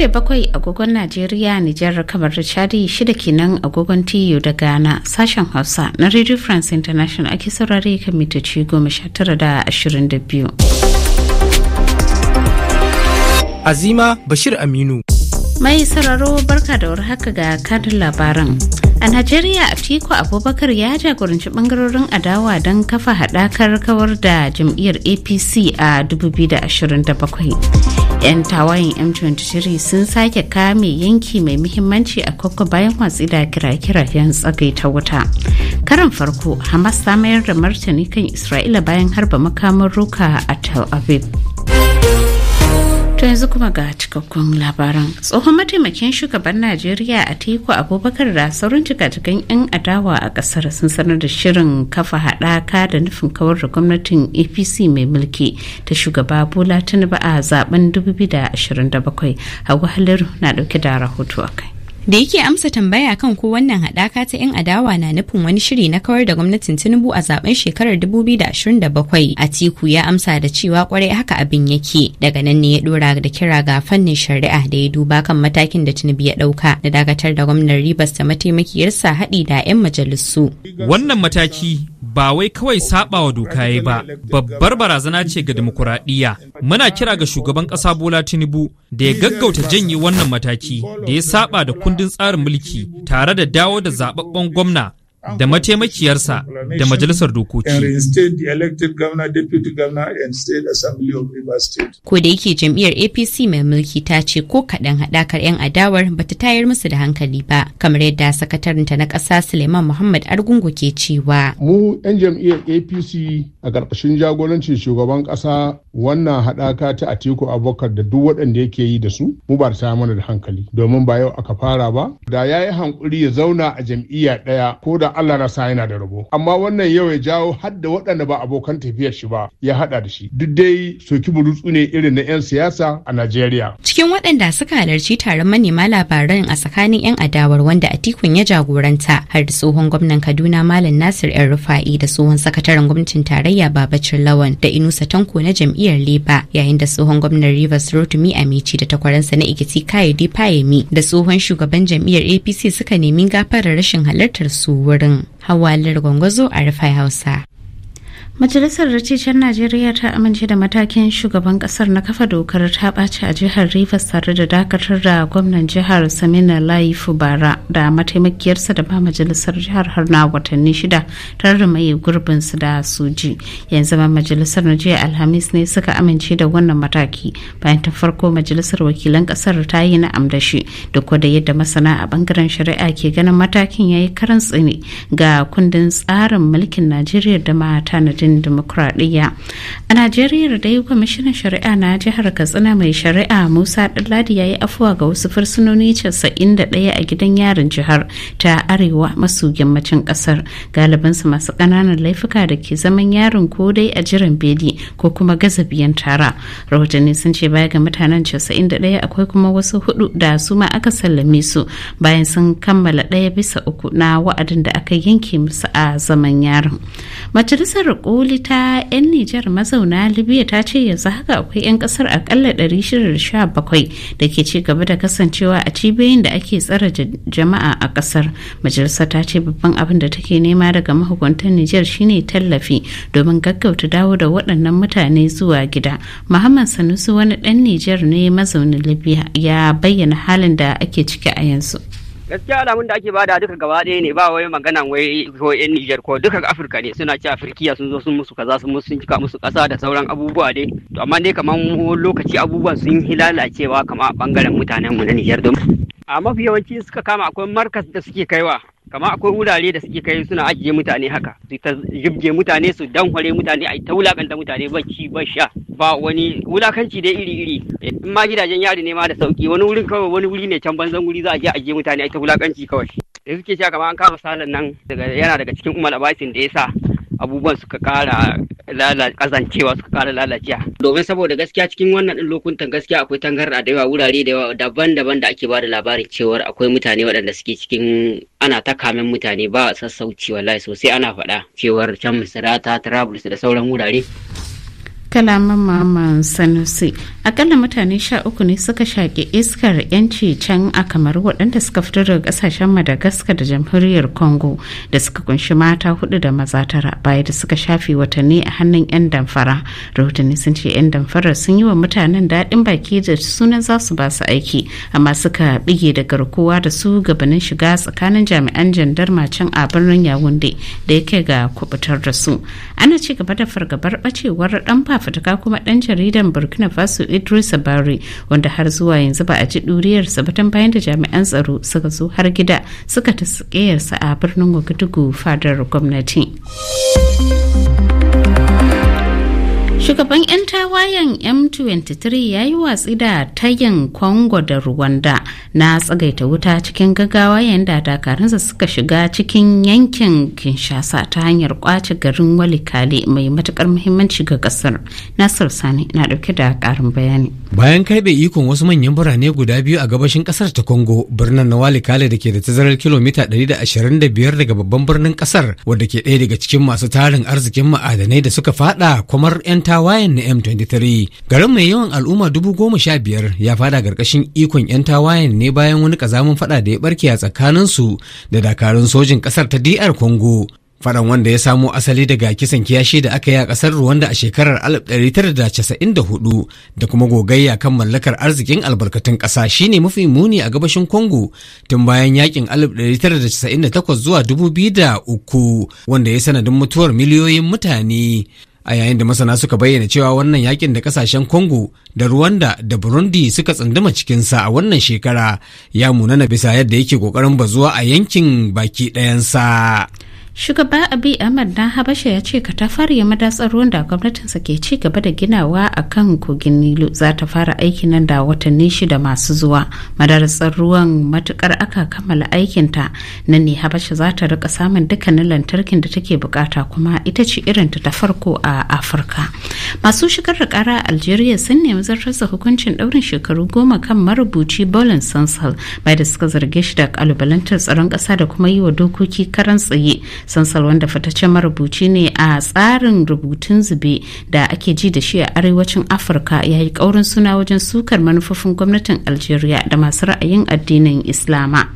karfe bakwai agogon najeriya nijar kamar da chadi shida kenan agogon tiyo da ghana sashen hausa na radio france international ake saurare kan mitoci goma sha tara da ashirin da biyu azima bashir aminu mai sararo barka da warhaka ga kadin labaran A Najeriya a Atiku Abubakar ya jagoranci bangarorin adawa don kafa hadakar kawar da jam'iyyar APC a 2027. 'Yan tawayen M23 sun sake kame yanki mai muhimmanci a kwakwa bayan watsi da kira kira 'yan tsagai ta wuta. Karan farko, Hamas ta mayar da martani kan Isra'ila bayan harba makamin roka a Tel Aviv. To yanzu kuma ga cikakkun labaran. Tsohon mataimakin shugaban Najeriya a teku Abubakar da saurin cikakken 'yan adawa a kasar sun sanar da shirin kafa haɗaka da nufin kawar da gwamnatin APC mai mulki ta shugaba Bola Tinubu a zaben 2027. Hagu Haliru na ɗauke da rahoto a kai. da yake amsa tambaya kan ko wannan haɗaka ta 'yan adawa na nufin wani shiri na kawar da gwamnatin tinubu a zaben shekarar 2027 atiku ya amsa da cewa kwarai haka abin yake daga nan ne ya dora da kira ga fannin shari'a da ya duba kan matakin da tinubu ya ɗauka na dakatar da gwamnan ribas da mataimakiyarsa haɗi da 'yan majalisu wannan mataki ba wai kawai saba wa doka ya ba babbar barazana ce ga demokuraɗiyya muna kira ga shugaban ƙasa bola tinubu da ya gaggauta janye wannan mataki da ya saba da kundin tsarin mulki tare da dawo da zababben gwamna da mataimakiyarsa da majalisar dokoki. Ko da yake jam'iyyar APC mai mulki ta ce ko kaɗan haɗakar 'yan adawar ba ta tayar musu da hankali ba, kamar yadda sakatarinta na ƙasa Suleiman Muhammad Argungu ke cewa. Mu 'yan jam'iyyar APC a ƙarƙashin jagorancin shugaban ƙasa wannan haɗaka ta Atiku Abubakar da duk waɗanda yake yi da su, mu ba ta mana da hankali, domin ba yau aka fara ba. Da ya yi hankuri ya zauna a jam'iyya ɗaya ko da dan Allah na sa yana da rabo amma wannan yau ya jawo hadda waɗanda ba abokan tafiyar shi ba ya hada da shi duk dai soki burutsu ne irin na 'yan siyasa a Najeriya. Cikin waɗanda suka halarci taron manema labaran a tsakanin 'yan adawar wanda Atikun ya jagoranta har da tsohon gwamnan Kaduna Malam Nasir El Rufa'i da tsohon sakataren gwamnatin tarayya Babacir Lawan da Inusa Tanko na jam'iyyar Leba yayin da tsohon gwamnan Rivers Rotimi Amici da takwaransa na Ikiti Kayode Payemi da tsohon shugaban jam'iyyar APC suka nemi gafarar rashin halartar su shirin hawa gwangwazo a rufai hausa Majalisar Dattijan Najeriya ta amince da matakin shugaban kasar na kafa dokar ta ɓaci a jihar Rivers tare da dakatar da gwamnan jihar Samina Laifu Bara da mataimakiyarsa da ba majalisar jihar har na watanni shida tare da mai gurbinsu da suji. Yanzu ma majalisar na jiya Alhamis ne suka amince da wannan mataki bayan ta farko majalisar wakilan kasar ta yi na'am da shi duk da yadda masana a bangaren shari'a ke ganin matakin ya yi karan tsini ga kundin tsarin mulkin Najeriya da ma tanadin tsarin dimokuraɗiyya a najeriya dai kwamishinan shari'a na jihar katsina mai shari'a musa ɗanladi ya yi afuwa ga wasu fursunoni casa'in da ɗaya a gidan yarin jihar ta arewa masu yammacin ƙasar galibinsu masu ƙananan laifuka da ke zaman yarin ko dai a jiran beli ko kuma gaza biyan tara rahotanni sun ce baya ga mutanen ɗaya akwai kuma wasu hudu da su ma aka sallame su bayan sun kammala ɗaya bisa uku na wa'adin da aka yanke musu a zaman yarin majalisar riko koli ta 'yan Nijar mazauna Libya ta ce yanzu haka akwai 'yan kasar akalla 617 da ke ci gaba da kasancewa a cibiyoyin da ake tsara jama'a a kasar. Majalisar ta ce babban abin da take nema daga mahukuntan Nijar shine tallafi domin gaggauta dawo da waɗannan mutane zuwa gida. Muhammad Sanusi wani ɗan Nijar ne mazaunin Libya ya bayyana halin da ake ciki a yanzu. gaskiya alamun da ake bada duka gaba ɗaya ne ba wai maganan wai ko yan Nijar ko duka Afirka ne suna cewa Afirkiya sun zo sun musu kaza sun musu cika musu kasa da sauran abubuwa dai to amma dai kamar lokaci abubuwan sun yi lalacewa kamar bangaren mutanen mu na Nijar don a mafi yawanci suka kama akwai markas da suke kaiwa kama akwai wurare da suke kai suna ajiye mutane haka su ta jibge mutane su danhware mutane a ta wulakanta mutane bacci ba sha ba wani wulakanci dai iri iri in ma gidajen yari ne ma da sauki wani wurin kawai wani wuri ne can banzan wuri za a je ajiye mutane a ta wulakanci kawai da suke sha kama an kama salan nan yana daga cikin umar abasin da ya sa abubuwan suka kara kazancewa suka kara lalacewa domin saboda gaskiya cikin wannan din lokuntan gaskiya akwai tangarda da yawa wurare da yawa daban-daban da ake bada labarin cewar akwai mutane waɗanda suke cikin ana ta kamen mutane ba sassauci wallahi sosai ana faɗa cewar can misira ta da sauran wurare kalaman maman sanusi akalla mutane sha uku ne suka shaƙi iskar yanci can a kamar waɗanda suka fito daga ƙasashen madagascar da jamhuriyar congo da suka kunshi mata hudu da maza tara baya da suka shafe watanni a hannun 'yan damfara rahotanni sun ce 'yan damfarar sun yi wa mutanen daɗin baki da sunan za su ba su aiki amma suka bige da garkuwa da su gabanin shiga tsakanin jami'an jandarma can a birnin yawunde da ya kai ga kubutar da su ana ci gaba da fargabar ɓacewar ɗan fafutuka kuma dan jaridan burkina faso idris bari wanda har zuwa yanzu ba a ji duriyarsa ba tun bayan da jami'an tsaro suka zo har gida suka ta a birnin wagadugu fadar gwamnati. shugaban 'yan tawayen m23 ya yi watsi da tayin congo da rwanda na tsagaita wuta cikin gaggawa yayin da dakarunsa suka shiga cikin yankin kinshasa ta hanyar kwace garin walikale mai matukar muhimmanci ga kasar nasir sani na dauke da karin bayani bayan kaiɓe ikon wasu manyan birane guda biyu a gabashin kasar ta congo birnin na walikale da ke da tazarar kilomita 125 daga babban birnin kasar wadda ke ɗaya daga cikin masu tarin arzikin ma'adanai da suka fada kumar 'yan tawa tawayen na M23. Garin mai yawan al'umma dubu goma sha biyar ya fada garkashin ikon 'yan tawayen ne bayan wani kazamin fada da ya barke a tsakaninsu da dakarun sojin kasar ta DR Congo. faɗan wanda ya samo asali daga kisan kiyashi da aka yi a kasar Rwanda a shekarar 1994 da kuma gogayya kan mallakar arzikin albarkatun ƙasa ne mafi muni a gabashin Congo tun bayan yakin 1998 zuwa 2003 wanda ya sanadin mutuwar miliyoyin mutane. a yayin da masana suka bayyana cewa wannan yakin da kasashen congo da rwanda da burundi suka tsunduma cikinsa a wannan shekara ya munana bisa yadda yake kokarin bazuwa a yankin baki ɗayansa. shugaba abi ahmad na habasha ya ce ya madatsar ruwan da gwamnatinsa ke ci gaba da ginawa a kan kogin nilu za ta fara aiki nan da watanni shida masu zuwa madatsar ruwan matukar aka kammala aikinta nan ne habasha za ta rika samun dukkanin lantarkin da take bukata kuma ita ce irinta ta farko a afirka masu shigar da kara a algeria sun nemi zartarsa hukuncin daurin shekaru goma kan marubuci bolin sansal mai da suka zarge shi da kalubalantar tsaron kasa da kuma yi wa dokoki karan tsaye sansal wanda fitaccen marubuci ne a tsarin rubutun zube da ake ji da shi a arewacin afirka ya yi kaurin suna wajen sukar manufofin gwamnatin algeria da masu ra'ayin addinin islama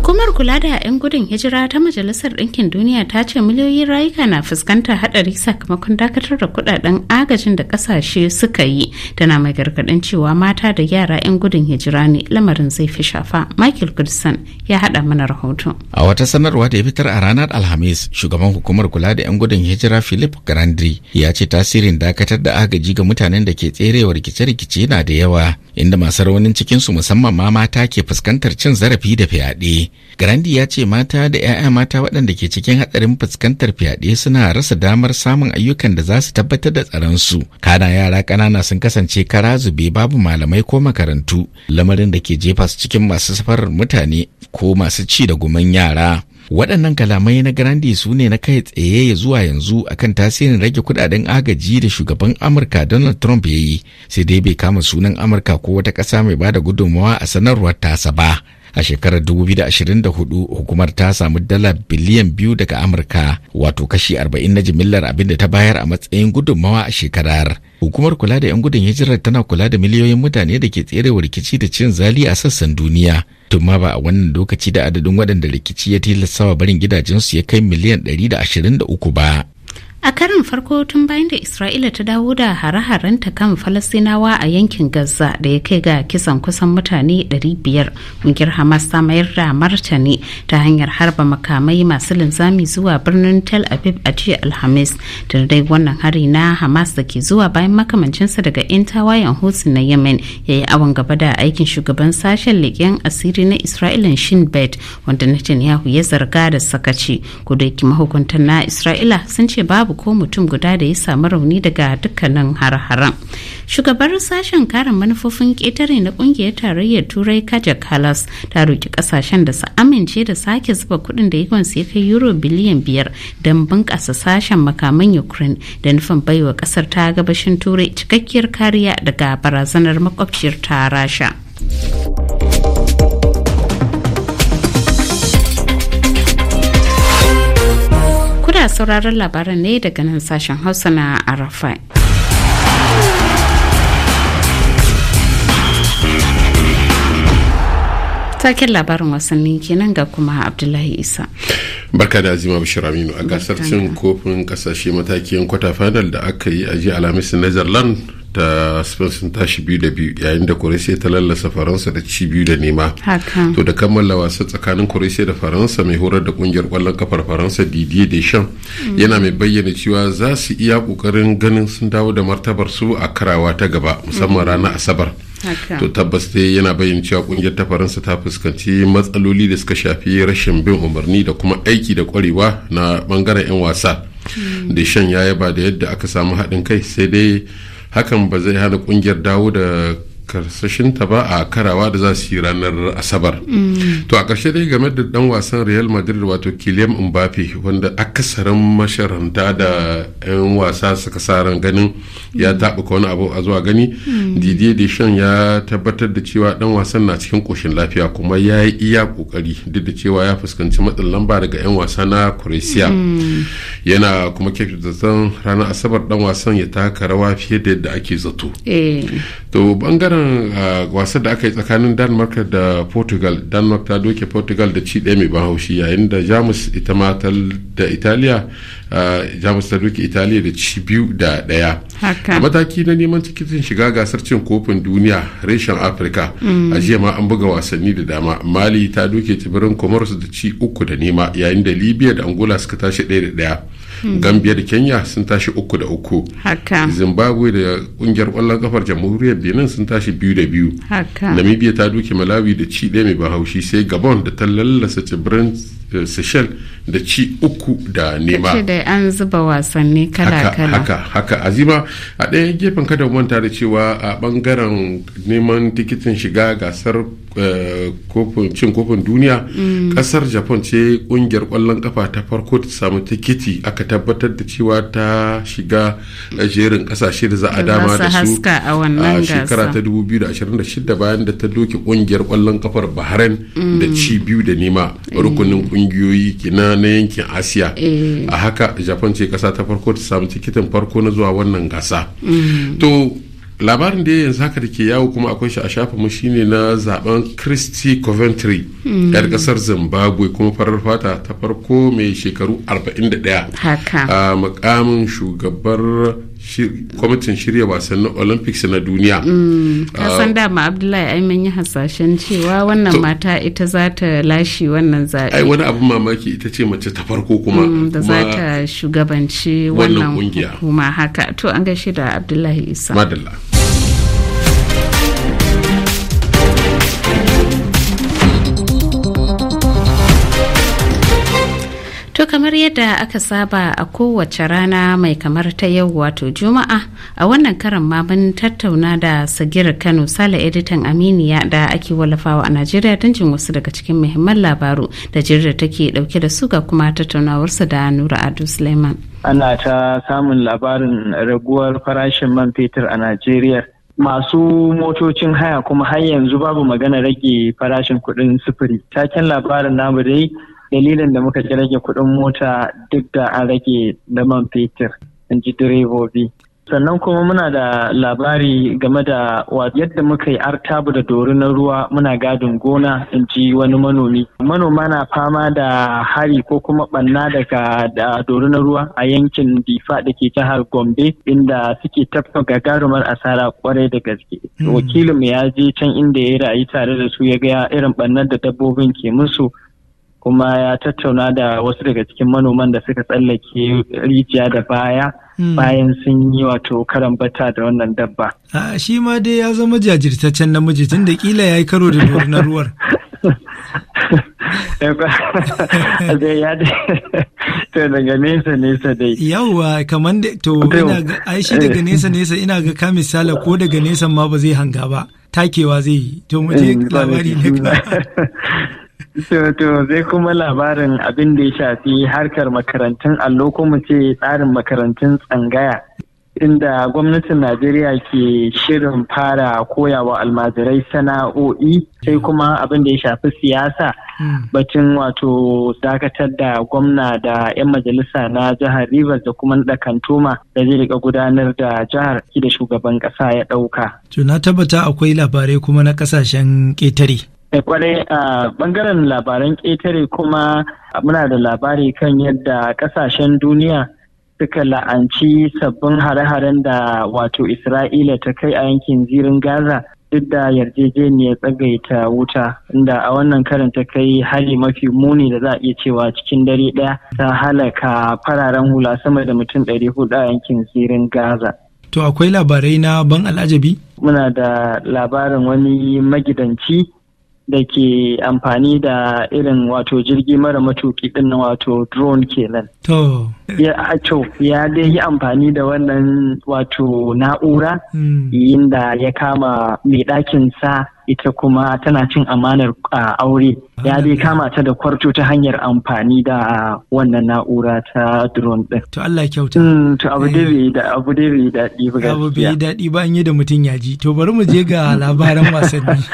Hukumar kula da 'yan gudun hijira ta Majalisar Ɗinkin Duniya ta ce miliyoyin rayuka na fuskantar haɗari sakamakon dakatar da kudaden agajin da ƙasashe suka yi tana mai gargaɗin cewa mata da yara 'yan gudun hijira ne lamarin zai fi shafa. Michael Goodson ya haɗa mana rahoto. A wata sanarwa da ya fitar a ranar Alhamis, shugaban hukumar kula da 'yan gudun hijira Philip Grandry ya ce tasirin dakatar da agaji ga mutanen da ke tserewa rikice-rikice na da yawa. inda masu raunin cikinsu musamman ma mata ke fuskantar cin zarafi da fyaɗe. Grandi ya ce mata da 'ya'ya mata waɗanda ke cikin hatsarin fuskantar fyaɗe suna rasa damar samun ayyukan da za su tabbatar da tsaronsu. Kana yara ƙanana sun kasance kara zube babu malamai ko makarantu, lamarin da ke jefa su cikin masu safarar mutane ko masu ci da guman yara. waɗannan kalamai na grandi su ne na kai tsaye ya zuwa yanzu akan tasirin rage kudaden agaji da shugaban amurka donald trump ya yi sai dai bai kama sunan amurka ko wata ƙasa mai ba da gudunmawa a sanarwar tasa ba a shekarar 2024 hukumar ta samu dala biliyan biyu daga amurka wato kashi 40 na jimillar abin da ta bayar a matsayin gudunmawa a shekarar hukumar kula da 'yan gudun hijirar tana kula da miliyoyin mutane da ke tserewa rikici da cin zali a sassan duniya tumma ba a wannan lokaci da adadin waɗanda rikici ya tilastawa barin gidajensu ya kai miliyan 123 ba a karin farko tun bayan da isra'ila ta dawo da hare-harenta kan falasinawa a yankin gaza da ya kai ga kisan kusan mutane 500 ƙungiyar hamas ta mayar da martani ta hanyar harba makamai masu linzami zuwa birnin tel aviv a jiya alhamis da dai wannan hari na hamas da ke zuwa bayan makamancinsa daga 'yan tawayen hutu na yemen ya yi awon gaba da aikin shugaban sashen leƙen asiri na isra'ilan shin wanda netanyahu ya zarga da sakaci ko da mahukuntan na isra'ila sun ce babu babu ko mutum guda da ya samu rauni daga dukkanin har-haren shugabar sashen karin manufofin ƙetare na ƙungiyar tarayyar turai kaja kalas ta roki ƙasashen da su amince da sake zuba kuɗin da yawan ya kai euro biliyan biyar don bunƙasa sashen makaman ukraine da nufin baiwa ƙasar ta gabashin turai cikakkiyar kariya daga barazanar makwabciyar ta rasha. Ana sauraron labaran ne daga nan sashen Hausa na Arafa. Taken labarin wasannin kenan ga kuma Abdullahi Isa. barka da azima bashir aminu a gasar cin kofin kasashe matakin kwata final da aka yi a jiya alhamis netherlands ta spain sun tashi biyu da biyu yayin da croatia ta lallasa faransa da ci biyu da nema to da kammala wasa tsakanin croatia da faransa mai horar da kungiyar kwallon kafar faransa didier deschamps mm. yana mai bayyana cewa za su iya kokarin ganin sun dawo da martabar su a karawa ta gaba musamman mm. ranar asabar to tabbas dai yana bayyana cewa kungiyar ta faransa ta fuskanci matsaloli da suka shafi rashin bin umarni da kuma aiki da kwarewa na bangaren 'yan wasa mm. da shan ya yaba da yadda aka samu haɗin kai sai dai hakan ba zai hana kungiyar dawo da ta ba a karawa da za su yi ranar asabar mm. to a ƙarshe dai game da dan wasan real madrid wato kylian mbappe wanda akasarin masharanta da 'yan wasa suka saran ganin ya mm. taɓuka wani abu a zuwa gani mm. didier deschamps ya tabbatar da cewa dan wasan na cikin ƙoshin lafiya kuma ya yi iya ƙoƙari duk da cewa ya fuskanci matsin lamba daga 'yan wasa na croatia yana kuma da zan ranar asabar dan wasan ya taka rawa fiye da yadda ake zato eh. to bangaren wannan ah, wasan da aka yi tsakanin denmark da portugal denmark ta doke portugal da ci ɗaya mai ban haushi yayin da jamus ita matal da italiya jamus eh, ta duki italiya da ci biyu da daya a mataki na neman tikitin shiga gasar cin kofin duniya reshen afirka mm. a jiya ma an buga wasanni da dama mali ta duke tsibirin comoros da ci uku da nema yayin da libya da angola suka tashi ɗaya da ɗaya mm. gambia da kenya sun tashi uku da uku zimbabwe da kungiyar kwallon kafar jamhuriyar benin sun tashi biyu da biyu namibia ta duke malawi da ci ɗaya mai bahaushi sai gabon da ta lallasa tsibirin eh, seychelles da ci uku da nema an zuba wasanni kala-kala haka haka azima a ɗaya gefen kada manta da cewa a ɓangaren neman tikitin shiga gasar Eh, cin kofin duniya mm. kasar japan ce kungiyar kwallon kafa ta farko ta samu tikiti aka tabbatar da cewa ta shiga jerin kasashe da za a dama da su a shekara ta 2026 bayan da ta doke kungiyar kwallon kafar bahrain da mm. ci biyu da nema eh. rukunin kungiyoyi kina na yankin asiya eh. a haka japan ce kasa ta farko ta samu tikitin farko na zuwa wannan gasa mm. to labarin da yanzu haka da ke yawo kuma akwai shi a mu shine na zaben christy coventry hmm. yar kasar zimbabwe kuma farar fata ta farko mai shekaru 41 a mukamin shugabar kwamitin shirya wasannin olympics na duniya hmm. kasan dama abdullahi aiman yi hasashen cewa wannan mata ita za ta lashe wannan zaɓe ai wani abin mamaki ita ce mace ta farko kuma hmm, da za ta shugabanci wannan kuma haka to an gaishe da abdullahi isa madalla yadda aka saba a kowace rana mai kamar ta yau wato Juma'a, a wannan karan ma mun tattauna da Sagir Kano Sale editan Aminiya da ake wallafawa a Najeriya don jin wasu daga cikin muhimman labaru da jirgin take dauke da su ga kuma tattaunawarsa da Nura adu Suleiman. Ana ta samun labarin raguwar farashin man fetur a Najeriya. masu motocin haya kuma har yanzu babu magana rage farashin kuɗin sufuri taken labarin namu dai dalilin da muka ji rage kuɗin mota duk da an rage da man fetur in ji direbobi sannan kuma muna da labari game da yadda muka yi artabu da doru na ruwa muna gadin gona in ji wani manomi manoma na fama da hari ko kuma banna daga da doru na ruwa a yankin difa da ke jihar gombe inda suke tafka gagarumar asara kwarai da gaske hmm. Wakilinmu ya je can inda ya rayu tare da su ya ga irin bannar da dabbobin ke musu kuma ya tattauna da wasu daga cikin manoman da suka tsallake rijiya da baya hmm. bayan sun yi wato karambata da wannan dabba. A shi ma dai ya zama jajirtaccen namiji tun da kila ya yi karo da na ruwar. Eh, to daga nesa nesa dai yawwa kamar da to ina ga ai shi daga eh. nesa nesa ina ga ka misala ko daga nesa ma ba zai hanga ba takewa zai yi to mu je hmm, labari ne to zai kuma labarin abin da ya shafi harkar makarantun allo ko mu ce tsarin makarantun tsangaya inda gwamnatin najeriya ke shirin fara koyawa almajirai sana'o'i sai kuma abin da ya shafi siyasa hmm. bacin wato dakatar da gwamna da 'yan majalisa na jihar rivers da kuma da kantoma da zai rika gudanar da jihar da shugaban kasa ya dauka. to na tabbata akwai labarai kuma na kasashen ketare Eh, kwarai a bangaren labaran ƙetare kuma muna da labari kan yadda ƙasashen duniya suka la'anci sabbin hare-haren da wato isra'ila ta kai a yankin zirin gaza duk da yarjejeniyar tsagaita wuta inda a wannan karin ta kai hali mafi muni da za a iya cewa cikin dare ɗaya ta halaka fararen hula sama da mutum ɗari hudu a yankin zirin gaza to akwai labarai na ban al'ajabi muna da labarin wani magidanci da ke amfani da irin wato jirgi mara matuki din wato drone kenan. To. Ya to ya dai yi amfani da wannan wato na'ura hmm. Yin da ya kama mai ɗakin sa ita kuma tana cin amanar aure ya dai kama ta da kwarto ta hanyar amfani da wannan na'ura ta drone din. To Allah kyauta. Mm, to abu da eh. bai da abu da bai daɗi ba. Abu bai daɗi ba an yi da mutum ya ji. To bari mu je ga labaran wasanni.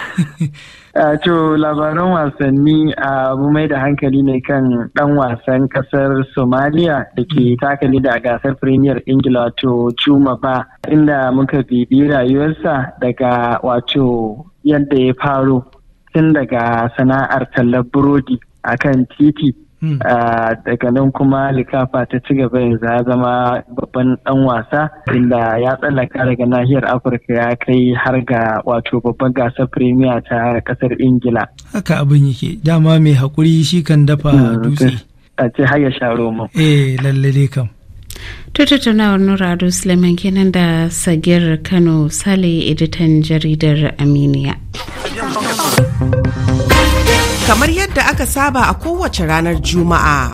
To labaran wasanni mu mai da hankali ne kan ɗan wasan ƙasar Somalia da ke mm. takali da gasar Premier Ingila to Chuma ba inda muka bibi rayuwarsa daga wato yadda ya faro tun daga sana'ar tallar burodi a kan titi hmm. ah, daga nan kuma likafa ta ci gaba yanzu ya zama babban dan wasa inda ya tsallaka daga nahiyar afirka ya kai har ga wato babban gasar premier ta kasar ingila haka abin yake dama mai hakuri shi kan dafa hmm, dutse a ce har ya mu eh lalle kam ta tattaunawar nurado suleiman kenan da sagir kano sale editan jaridar aminiya kamar yadda aka saba a kowace ranar juma'a